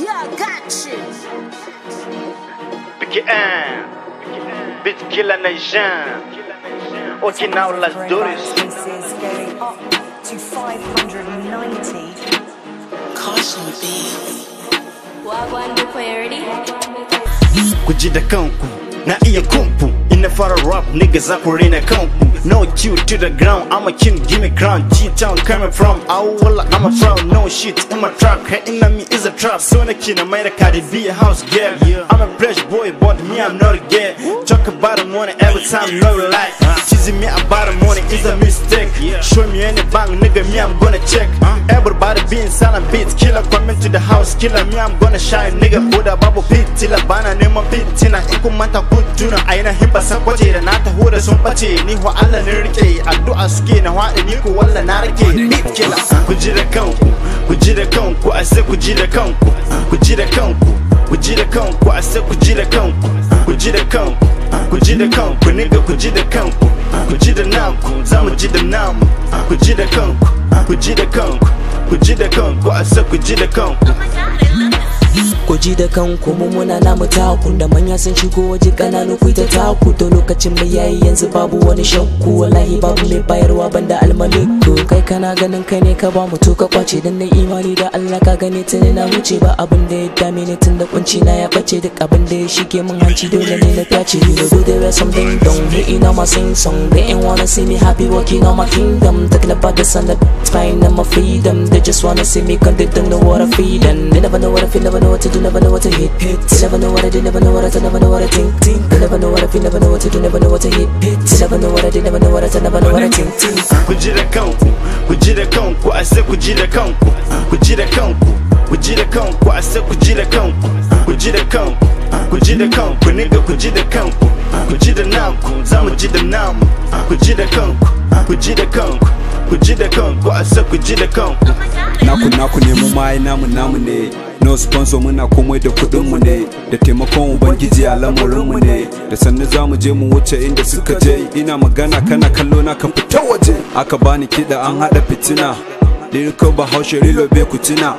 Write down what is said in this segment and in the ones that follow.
Yeah, gotcha. Pick it up. Bitch, nation. Okay, now let going up to 590. Caution B. Wagwan, you ready? Kujida kanku, na iya kumpu in the far rap niggas in a kanku no chew to the ground i'm a king give me crown g-town coming from awala i'm a frown no shit in my trap her me is a trap so na kina mai da cardi a house girl i'm a fresh boy but me i'm not a gay talk about the money every time, no lie. Teasing me about the money is a mistake. Show me any bank, nigga, me, I'm gonna check. Everybody being silent beats, killer coming to the house, killer me, I'm gonna shine, nigga. Put a bubble beat till a bana, name a pit, tina, ikumanta kutuna, aina himba sakwaje, da nata hura sun bace, ni wa Allah ne rike, addu'a suke na haɗe ni ku wallah na Beat killer, ku ji da kanku, ku ji da kanku, a sai ku ji da kanku, ku ji da kanku. ku ji da kanku a ku kanku kanku ku ji da kanku nigga ku ji da kanku ku ji da namku za mu ji da namu ku ji da kanku ku ji da kanku ku kanku a da kanku ku da kanku mu muna namu taku da manya sun shigo waje kananu ta to lokacin yayi yanzu babu wani shakku wallahi babu mai bayarwa banda almaliku kai kana ganin kai ne ka ba mu to ka kwace dan imani da Allah ka gane tun na wuce ba abin da ya dame ni tun da kunci na ya bace duk abin da ya shige min hanci dole ne na tace you know do something don't my sing song they ain't wanna see me happy walking on my kingdom talking about the sun that spine my freedom they just wanna see me don't know what I feel and they never know what I feel never know what to do you never know what to hit, hit. You never know what I do, never know what I do, never know what I think, think. You never know what I feel, never know what to do, never know what to hit, hit. You never know what I do, never know what I do, never know what I think, Kujira Kugira kanku, kugira kanku, I say kujira kanku, kujira kanku, kugira kanku, I say kugira kanku, kugira kanku, kugira kanku, nigga kugira kanku, kugira namku, zamu jida namu, kugira kanku, kugira kanku, kugira kanku, I say kanku. Naku naku ne mu namu namu ne. no sponsor muna komai da kuɗin mu ne da taimakon ubangiji a lamarin mu ne da sannu za mu je mu wuce inda suka je ina magana kana kallo na ka fita waje aka bani kiɗa an hada fitina ba bahaushe rilo be kutina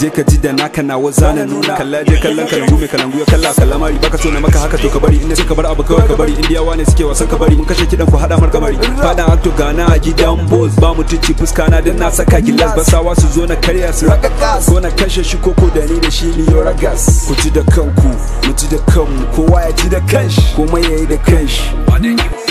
je ka ji da naka nawa zana nuna kalla je kallon kalangu mai kalangu ya kalla kalla mari baka so na maka haka to ka bari in ce ka bar abu kawai ka bari indiyawa ne suke wasan ka bari mun kashe kidan ku hada marka kamari fada akto gana a gidan boss ba mutunci fuska na dan na saka gilas basawa su zo na karya su raka ko na kashe shi koko da ni da shi liyo ragas ku ji da kanku mu ji da kanmu kowa ya ji da kanshi komai yayi da kanshi